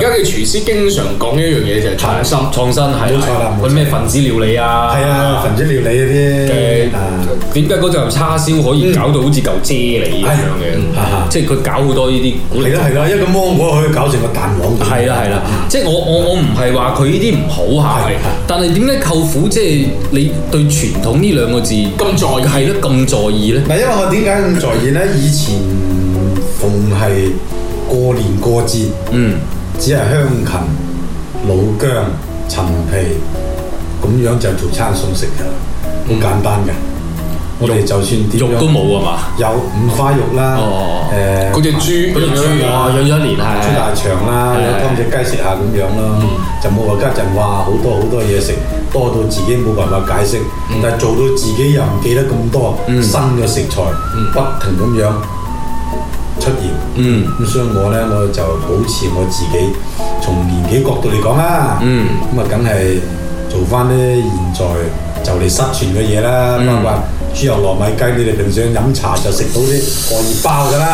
而家嘅廚師經常講一樣嘢就係創新，創新係，冇錯啦，佢咩分子料理啊，係啊，分子料理嗰啲。誒，點解嗰嚿叉燒可以搞到好似嚿啫喱一樣嘅？即係佢搞好多呢啲。係啦，係啦，一個芒果可以搞成個蛋黃。係啦，係啦，即係我我我唔係話佢呢啲唔好嚇，但係點解舅父即係你對傳統呢兩個字咁在意？係咯，咁在意咧？唔係因為我點解咁在意咧？以前逢係過年過節，嗯。只係香芹、老薑、陳皮，咁樣就做餐餸食嘅，好簡單嘅。我哋就算點肉都冇啊嘛，有五花肉啦，誒嗰隻豬，嗰隻豬哇養咗一年係，豬大腸啦，有當隻雞食下咁樣咯，就冇話家陣話好多好多嘢食，多到自己冇辦法解釋，但係做到自己又唔記得咁多新嘅食材，不停咁樣。出現，嗯，所以我呢，我就保持我自己，從年紀角度嚟講啦，嗯，咁啊梗係做翻啲現在就嚟失傳嘅嘢啦，包括、嗯、豬油糯米雞，你哋平常飲茶就食到啲荷葉包噶啦，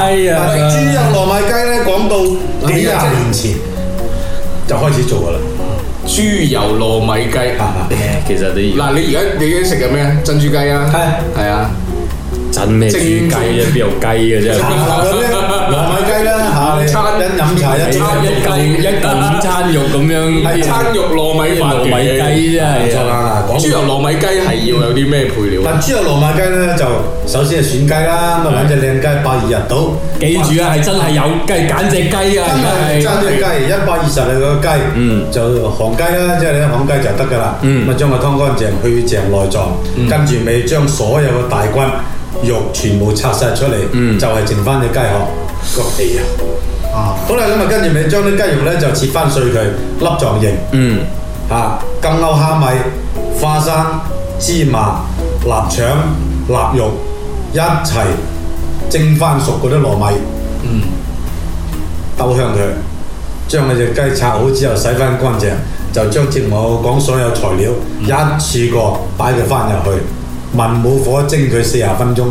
哎呀，啊、豬油糯米雞咧講到幾十年前就開始做噶啦，哎、豬油糯米雞啊，其實你，嗱、啊、你而家你已經食緊咩珍珠雞啊，係，係啊。蒸咩煮雞啊？邊度雞嘅啫？糯米雞啦，餐一飲茶一餐一嚿午餐肉咁樣，餐肉糯米飯、糯米雞真係唔錯。豬油糯米雞係要有啲咩配料啊？但豬油糯米雞咧，就首先係選雞啦，咁啊揾隻靚雞，八二日到。記住啊，係真係有雞揀隻雞啊！真係揸隻雞，一百二十兩個雞，就行雞啦，即係一行雞就得㗎啦，嗯，將佢劏乾淨，去淨內臟，跟住咪將所有嘅大骨。肉全部拆晒出嚟，嗯、就係剩翻隻雞殼個皮啊！好啦，咁啊，跟住咪將啲雞肉咧就切翻碎佢，粒狀形。嗯，吓金鈎蝦米、花生、芝麻、臘腸、臘、嗯、肉一齊蒸翻熟嗰啲糯米，嗯，兜香佢。將嗰隻雞拆好之後洗翻乾淨，就將節目講所有材料、嗯、一次過擺咗翻入去。文武火蒸佢四啊分鐘，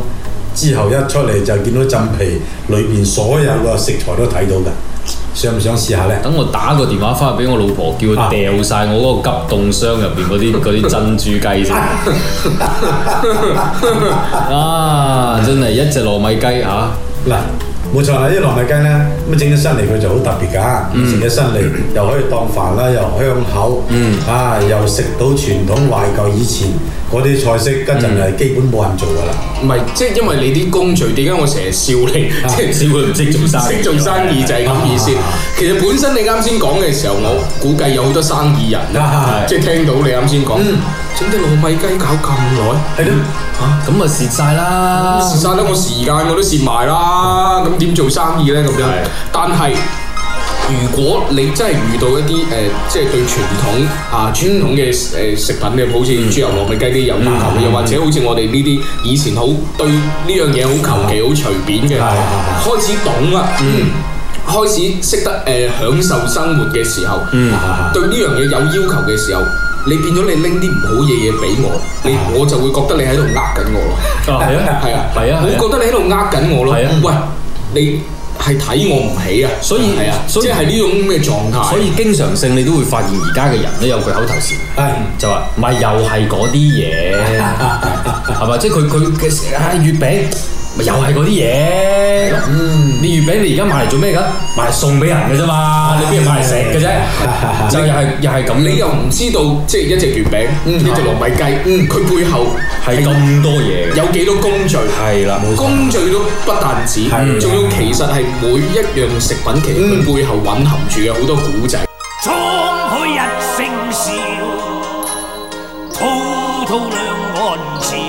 之後一出嚟就見到浸皮裏面所有個食材都睇到㗎，想唔想試下呢？等我打個電話翻去俾我老婆叫我、啊，叫佢掉曬我嗰個急凍箱入面嗰啲珍珠雞先。 啊，真係一隻糯米雞啊！嗱。冇錯啦，啲糯米雞呢，咁整起身嚟佢就好特別㗎，整起身嚟又可以當飯啦，又香口，啊又食到傳統懷舊以前嗰啲菜式，跟陣嚟基本冇人做㗎啦。唔係，即係因為你啲工序點解我成日笑你？ 即係笑佢唔識做生意，識做生意就係咁意思。 其實本身你啱先講嘅時候，我估計有好多生意人，啊， 即係聽到你啱先講。C id 整隻糯米雞搞咁耐，係咯，啊咁啊蝕晒啦！蝕晒啦，我時間我都蝕埋啦，咁點做生意咧咁樣？就是、但係如果你真係遇到一啲誒，即、呃、係、就是、對傳統啊傳統嘅誒食品嘅，好似豬油糯米雞啲有要求又、嗯、或者好似我哋呢啲以前好對呢樣嘢好求其好隨便嘅，嗯、便開始懂啦，嗯，開始識得誒享受生活嘅時候，嗯，對呢樣嘢有要求嘅時候。你變咗你拎啲唔好嘢嘢俾我，你我就會覺得你喺度呃緊我咯，係啊係啊，啊，你、啊啊啊啊、覺得你喺度呃緊我咯，係啊，喂，你係睇我唔起啊、嗯，所以係啊，所以係呢種咩狀態所，所以經常性你都會發現而家嘅人都有句口頭禪，就話咪又係嗰啲嘢，係嘛，即係佢佢嘅啊月餅。又係嗰啲嘢，嗯，你月餅你而家買嚟做咩㗎？買嚟送俾人嘅啫嘛，你邊買嚟食嘅啫？又係又係咁，你又唔知道，即係一隻月餅，呢隻糯米雞，佢背後係咁多嘢，有幾多工序？係啦，工序都不單止，仲要其實係每一樣食品其實背後蘊含住嘅好多古仔。滄海一聲笑，滔滔兩岸。